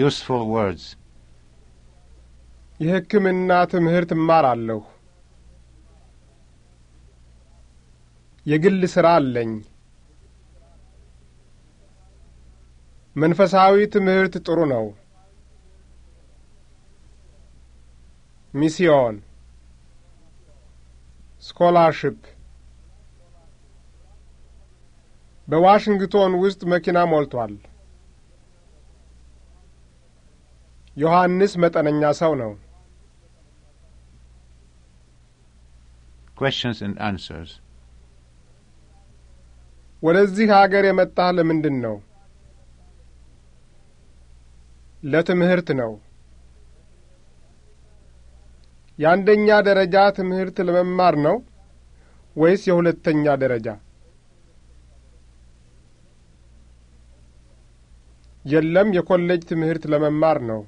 useful words. የሕክምና ትምህርት እማራለሁ። የግል ሥራ አለኝ። መንፈሳዊ ትምህርት ጥሩ ነው። ሚስዮን፣ ስኮላርሽፕ። በዋሽንግቶን ውስጥ መኪና ሞልቷል። ዮሐንስ መጠነኛ ሰው ነው። questions and answers ወደዚህ አገር የመጣህ ለምንድን ነው? ለትምህርት ነው። የአንደኛ ደረጃ ትምህርት ለመማር ነው ወይስ የሁለተኛ ደረጃ? የለም፣ የኮሌጅ ትምህርት ለመማር ነው።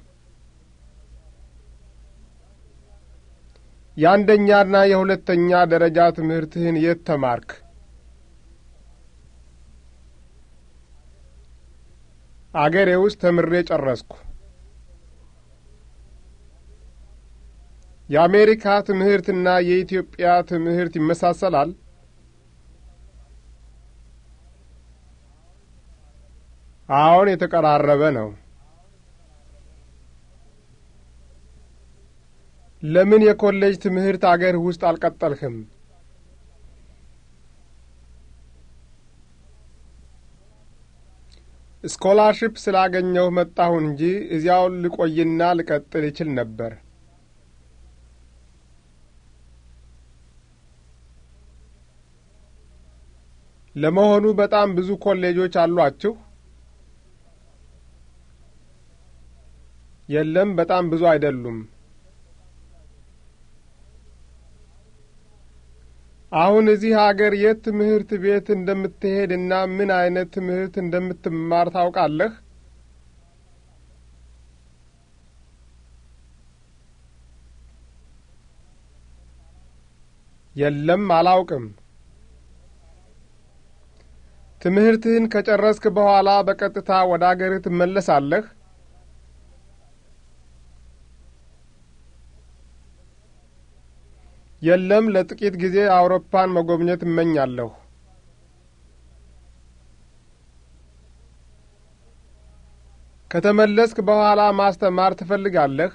የአንደኛና የሁለተኛ ደረጃ ትምህርትህን የት ተማርክ? አገሬ ውስጥ ተምሬ ጨረስኩ። የአሜሪካ ትምህርትና የኢትዮጵያ ትምህርት ይመሳሰላል? አዎን፣ የተቀራረበ ነው። ለምን የኮሌጅ ትምህርት አገርህ ውስጥ አልቀጠልህም? ስኮላርሽፕ ስላገኘሁ መጣሁ እንጂ እዚያው ልቆይና ልቀጥል ይችል ነበር። ለመሆኑ በጣም ብዙ ኮሌጆች አሏችሁ? የለም፣ በጣም ብዙ አይደሉም። አሁን እዚህ አገር የት ትምህርት ቤት እንደምትሄድና ምን አይነት ትምህርት እንደምትማር ታውቃለህ? የለም፣ አላውቅም። ትምህርትህን ከጨረስክ በኋላ በቀጥታ ወደ አገርህ ትመለሳለህ? የለም፣ ለጥቂት ጊዜ አውሮፓን መጎብኘት እመኛለሁ። ከተመለስክ በኋላ ማስተማር ትፈልጋለህ?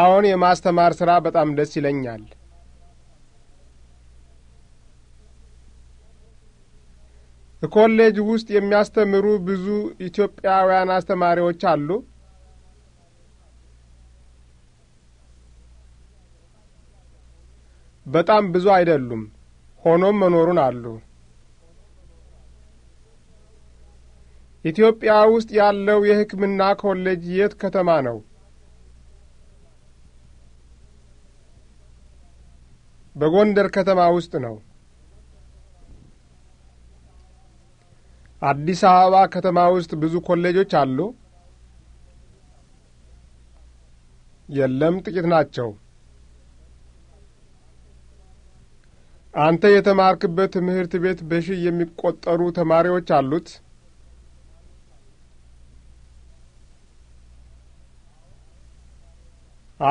አዎን፣ የማስተማር ሥራ በጣም ደስ ይለኛል። ኮሌጅ ውስጥ የሚያስተምሩ ብዙ ኢትዮጵያውያን አስተማሪዎች አሉ። በጣም ብዙ አይደሉም፣ ሆኖም መኖሩን አሉ። ኢትዮጵያ ውስጥ ያለው የሕክምና ኮሌጅ የት ከተማ ነው? በጎንደር ከተማ ውስጥ ነው። አዲስ አበባ ከተማ ውስጥ ብዙ ኮሌጆች አሉ? የለም፣ ጥቂት ናቸው። አንተ የተማርክበት ትምህርት ቤት በሺ የሚቆጠሩ ተማሪዎች አሉት?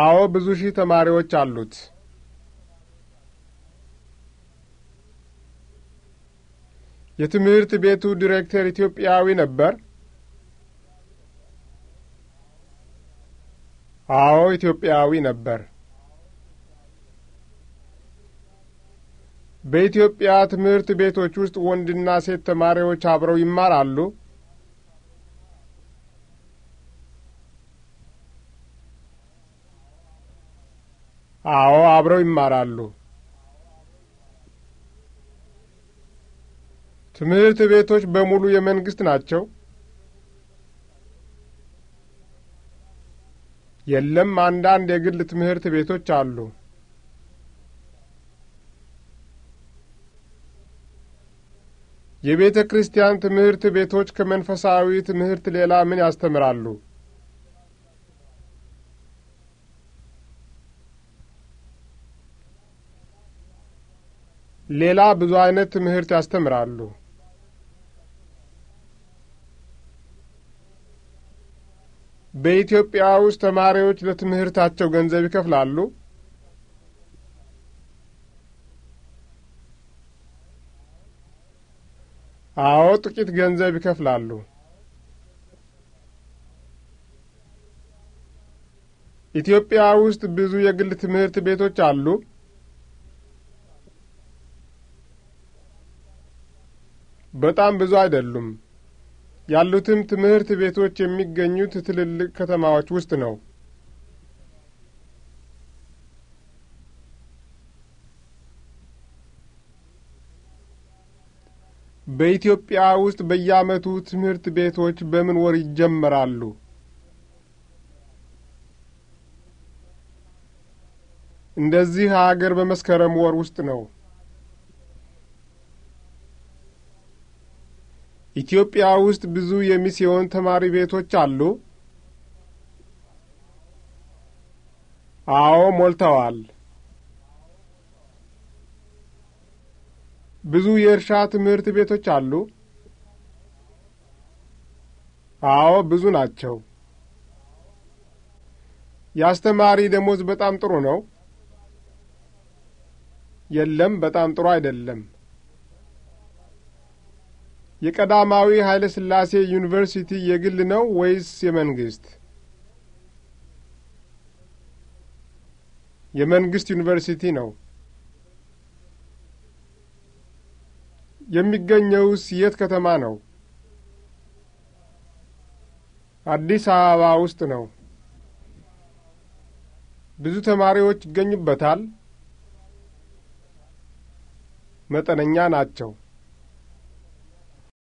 አዎ፣ ብዙ ሺህ ተማሪዎች አሉት። የትምህርት ቤቱ ዲሬክተር ኢትዮጵያዊ ነበር? አዎ፣ ኢትዮጵያዊ ነበር። በኢትዮጵያ ትምህርት ቤቶች ውስጥ ወንድና ሴት ተማሪዎች አብረው ይማራሉ? አዎ፣ አብረው ይማራሉ። ትምህርት ቤቶች በሙሉ የመንግስት ናቸው? የለም፣ አንዳንድ የግል ትምህርት ቤቶች አሉ። የቤተ ክርስቲያን ትምህርት ቤቶች ከመንፈሳዊ ትምህርት ሌላ ምን ያስተምራሉ? ሌላ ብዙ አይነት ትምህርት ያስተምራሉ። በኢትዮጵያ ውስጥ ተማሪዎች ለትምህርታቸው ገንዘብ ይከፍላሉ? አዎ ጥቂት ገንዘብ ይከፍላሉ። ኢትዮጵያ ውስጥ ብዙ የግል ትምህርት ቤቶች አሉ። በጣም ብዙ አይደሉም። ያሉትም ትምህርት ቤቶች የሚገኙት ትልልቅ ከተማዎች ውስጥ ነው። በኢትዮጵያ ውስጥ በየዓመቱ ትምህርት ቤቶች በምን ወር ይጀመራሉ? እንደዚህ አገር በመስከረም ወር ውስጥ ነው። ኢትዮጵያ ውስጥ ብዙ የሚስዮን ተማሪ ቤቶች አሉ? አዎ ሞልተዋል። ብዙ የእርሻ ትምህርት ቤቶች አሉ? አዎ፣ ብዙ ናቸው። የአስተማሪ ደሞዝ በጣም ጥሩ ነው? የለም፣ በጣም ጥሩ አይደለም። የቀዳማዊ ኃይለ ሥላሴ ዩኒቨርሲቲ የግል ነው ወይስ የመንግስት? የመንግስት ዩኒቨርሲቲ ነው። የሚገኘውስ የት ከተማ ነው? አዲስ አበባ ውስጥ ነው። ብዙ ተማሪዎች ይገኙበታል? መጠነኛ ናቸው።